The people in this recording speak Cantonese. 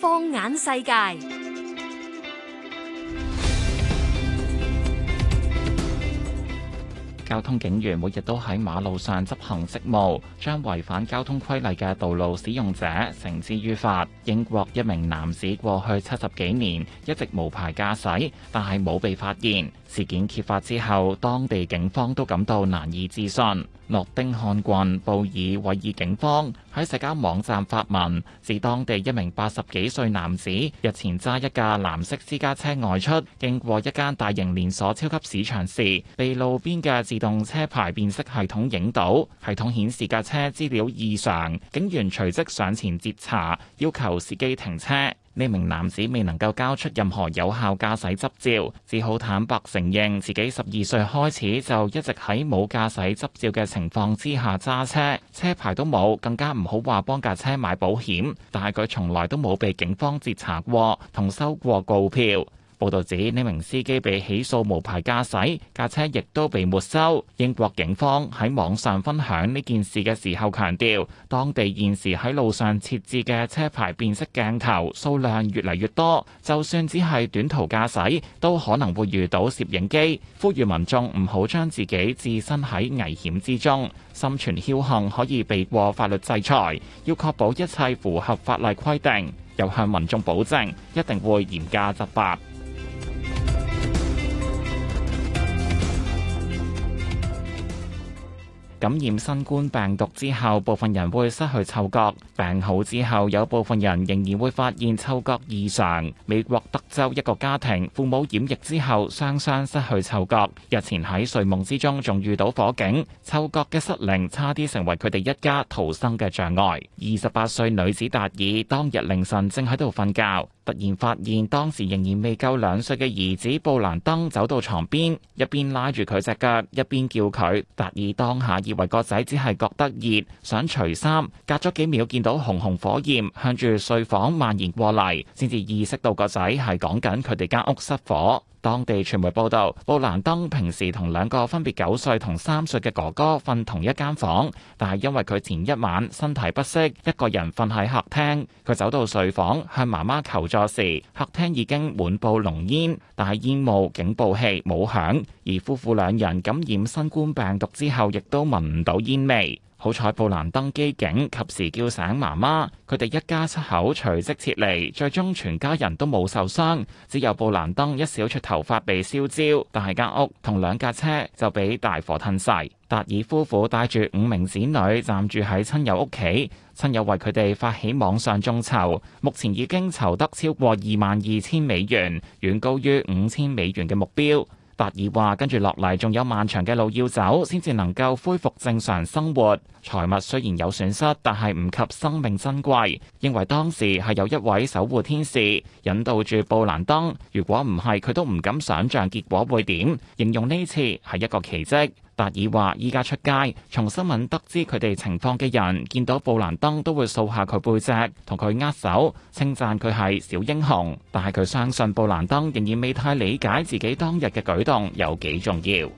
放眼世界，交通警員每日都喺馬路上執行職務，將違反交通規例嘅道路使用者繩之於法。英國一名男子過去七十幾年一直無牌駕駛，但係冇被發現。事件揭發之後，當地警方都感到難以置信。諾丁漢郡布爾韋爾警方喺社交網站發文，自當地一名八十幾歲男子日前揸一架藍色私家車外出，經過一間大型連鎖超級市場時，被路邊嘅自動車牌辨識系統影到，系統顯示架車資料異常，警員隨即上前截查，要求司機停車。呢名男子未能夠交出任何有效駕駛執照，只好坦白承認自己十二歲開始就一直喺冇駕駛執照嘅情況之下揸車，車牌都冇，更加唔好話幫架車買保險。但係佢從來都冇被警方截查過，同收過告票。報道指呢名司機被起訴無牌駕駛，駕車亦都被沒收。英國警方喺網上分享呢件事嘅時候強調，強調當地現時喺路上設置嘅車牌辨識鏡頭數量越嚟越多，就算只係短途駕駛都可能會遇到攝影機。呼籲民眾唔好將自己置身喺危險之中，心存僥倖可以避過法律制裁。要確保一切符合法例規定，又向民眾保證一定會嚴格執法。感染新冠病毒之後，部分人會失去嗅覺，病好之後有部分人仍然會發現嗅覺異常。美國德州一個家庭父母染疫之後雙雙失去嗅覺，日前喺睡夢之中，仲遇到火警，嗅覺嘅失靈差啲成為佢哋一家逃生嘅障礙，二十八歲女子達爾當日凌晨正喺度瞓覺。突然發現當時仍然未夠兩歲嘅兒子布蘭登走到床邊，一邊拉住佢隻腳，一邊叫佢。特以當下以為個仔只係覺得熱，想除衫。隔咗幾秒見到紅紅火焰向住睡房蔓延過嚟，先至意識到個仔係講緊佢哋間屋失火。當地傳媒報道，布蘭登平時同兩個分別九歲同三歲嘅哥哥瞓同一間房，但係因為佢前一晚身體不適，一個人瞓喺客廳。佢走到睡房向媽媽求。當時客廳已經滿佈濃煙，但係煙霧警報器冇響，而夫婦兩人感染新冠病毒之後，亦都聞唔到煙味。好彩布蘭登機警及時叫醒媽媽，佢哋一家七口隨即撤離，最終全家人都冇受傷，只有布蘭登一小撮頭髮被燒焦，但係間屋同兩架車就俾大火吞噬。達爾夫婦帶住五名子女暫住喺親友屋企，親友為佢哋發起網上眾籌，目前已經籌得超過二萬二千美元，遠高於五千美元嘅目標。達爾話：跟住落嚟，仲有漫長嘅路要走，先至能夠恢復正常生活。財物雖然有損失，但係唔及生命珍貴。認為當時係有一位守護天使引導住布蘭登，如果唔係，佢都唔敢想象結果會點。形容呢次係一個奇蹟。達爾話：而家出街，從新聞得知佢哋情況嘅人，見到布蘭登都會掃下佢背脊，同佢握手，稱讚佢係小英雄。但係佢相信布蘭登仍然未太理解自己當日嘅舉動有幾重要。